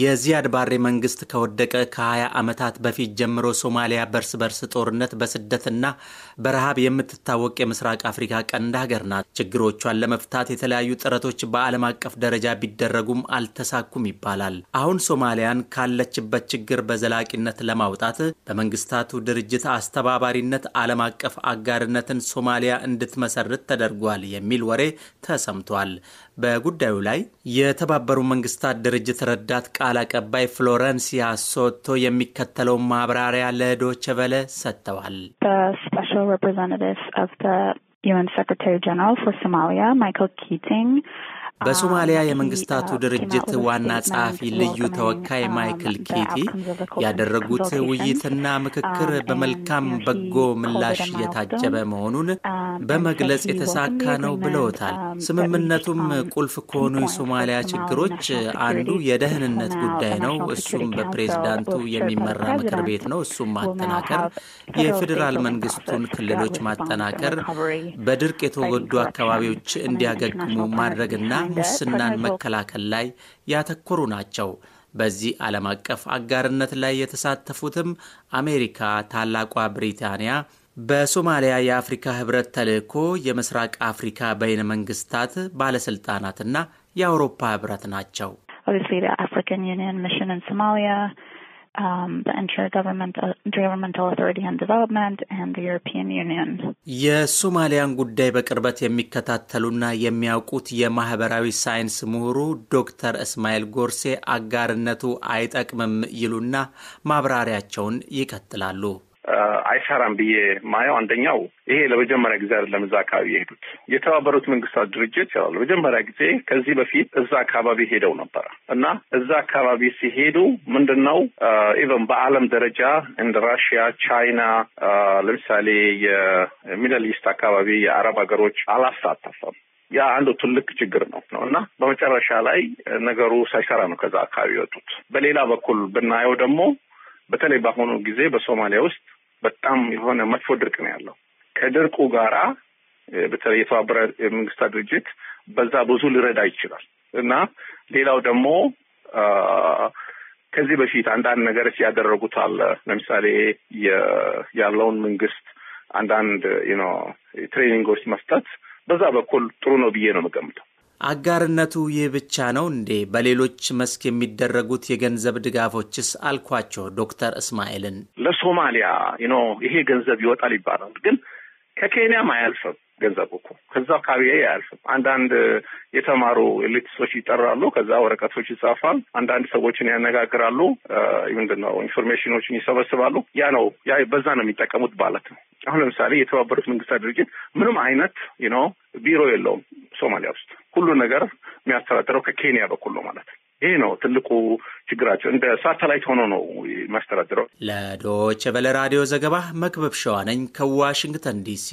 የዚያድ ባሬ መንግስት ከወደቀ ከ20 ዓመታት በፊት ጀምሮ ሶማሊያ በርስ በርስ ጦርነት በስደትና በረሃብ የምትታወቅ የምስራቅ አፍሪካ ቀንድ ሀገር ናት። ችግሮቿን ለመፍታት የተለያዩ ጥረቶች በዓለም አቀፍ ደረጃ ቢደረጉም አልተሳኩም ይባላል። አሁን ሶማሊያን ካለችበት ችግር በዘላቂነት ለማውጣት በመንግስታቱ ድርጅት አስተባባሪነት ዓለም አቀፍ አጋርነትን ሶማሊያ እንድትመሰርት ተደርጓል የሚል ወሬ ተሰምቷል። በጉዳዩ ላይ የተባበሩ መንግስታት ድርጅት ረዳት ቃል አቀባይ ፍሎረንሲያ ሶቶ የሚከተለውን ማብራሪያ ለዶቼ ቬለ ሰጥተዋል። ዩን ሴክሬታሪ ጀነራል ፎር ሶማሊያ ማይክል ኪቲንግ በሶማሊያ የመንግስታቱ ድርጅት ዋና ጸሐፊ ልዩ ተወካይ ማይክል ኬቲ ያደረጉት ውይይትና ምክክር በመልካም በጎ ምላሽ የታጀበ መሆኑን በመግለጽ የተሳካ ነው ብለውታል። ስምምነቱም ቁልፍ ከሆኑ የሶማሊያ ችግሮች አንዱ የደህንነት ጉዳይ ነው። እሱም በፕሬዝዳንቱ የሚመራ ምክር ቤት ነው። እሱም ማጠናከር፣ የፌዴራል መንግስቱን ክልሎች ማጠናከር፣ በድርቅ የተጎዱ አካባቢዎች እንዲያገግሙ ማድረግና ሙስናን መከላከል ላይ ያተኮሩ ናቸው። በዚህ ዓለም አቀፍ አጋርነት ላይ የተሳተፉትም አሜሪካ፣ ታላቋ ብሪታንያ በሶማሊያ የአፍሪካ ህብረት ተልእኮ የምስራቅ አፍሪካ በይነ መንግስታት ባለስልጣናትና የአውሮፓ ህብረት ናቸው። ኢንተርገቨርንመንታል አውቶሪቲ ኤንድ ዲቨሎፕመንት ኤንድ ዩሮፒያን ዩኒየን። የሶማሊያን ጉዳይ በቅርበት የሚከታተሉና የሚያውቁት የማህበራዊ ሳይንስ ምሁሩ ዶክተር እስማኤል ጎርሴ አጋርነቱ አይጠቅምም ይሉና ማብራሪያቸውን ይቀጥላሉ። አይሰራም ብዬ ማየው አንደኛው ይሄ ለመጀመሪያ ጊዜ አይደለም። እዛ አካባቢ የሄዱት የተባበሩት መንግስታት ድርጅት ያው ለመጀመሪያ ጊዜ ከዚህ በፊት እዛ አካባቢ ሄደው ነበረ እና እዛ አካባቢ ሲሄዱ ምንድን ነው ኢቨን በአለም ደረጃ እንደ ራሽያ፣ ቻይና ለምሳሌ የሚደል ኢስት አካባቢ የአረብ ሀገሮች አላሳተፈም። ያ አንዱ ትልቅ ችግር ነው ነው እና በመጨረሻ ላይ ነገሩ ሳይሰራ ነው ከዛ አካባቢ የወጡት። በሌላ በኩል ብናየው ደግሞ በተለይ በአሁኑ ጊዜ በሶማሊያ ውስጥ በጣም የሆነ መጥፎ ድርቅ ነው ያለው። ከድርቁ ጋራ በተለይ የተባበረ መንግስታት ድርጅት በዛ ብዙ ሊረዳ ይችላል እና ሌላው ደግሞ ከዚህ በፊት አንዳንድ ነገሮች ያደረጉት አለ። ለምሳሌ ያለውን መንግስት አንዳንድ ትሬኒንጎች መስጠት በዛ በኩል ጥሩ ነው ብዬ ነው የምገምተው። አጋርነቱ ይህ ብቻ ነው እንዴ? በሌሎች መስክ የሚደረጉት የገንዘብ ድጋፎችስ? አልኳቸው ዶክተር እስማኤልን። ለሶማሊያ ኖ ይሄ ገንዘብ ይወጣል ይባላል፣ ግን ከኬንያም አያልፍም ገንዘቡ እኮ ከዛ አካባቢ አያልፍም። አንዳንድ የተማሩ ኤሊትሶች ይጠራሉ፣ ከዛ ወረቀቶች ይጻፋል፣ አንዳንድ ሰዎችን ያነጋግራሉ፣ ምንድን ነው ኢንፎርሜሽኖችን ይሰበስባሉ። ያ ነው ያ በዛ ነው የሚጠቀሙት ማለት ነው። አሁን ለምሳሌ የተባበሩት መንግስታት ድርጅት ምንም አይነት ቢሮ የለውም። ሶማሊያ ውስጥ ሁሉ ነገር የሚያስተዳድረው ከኬንያ በኩል ነው ማለት ይሄ ይህ ነው ትልቁ ችግራቸው። እንደ ሳተላይት ሆኖ ነው የሚያስተዳድረው። ለዶች ቨለ ራዲዮ ዘገባ መክበብ ሸዋነኝ ከዋሽንግተን ዲሲ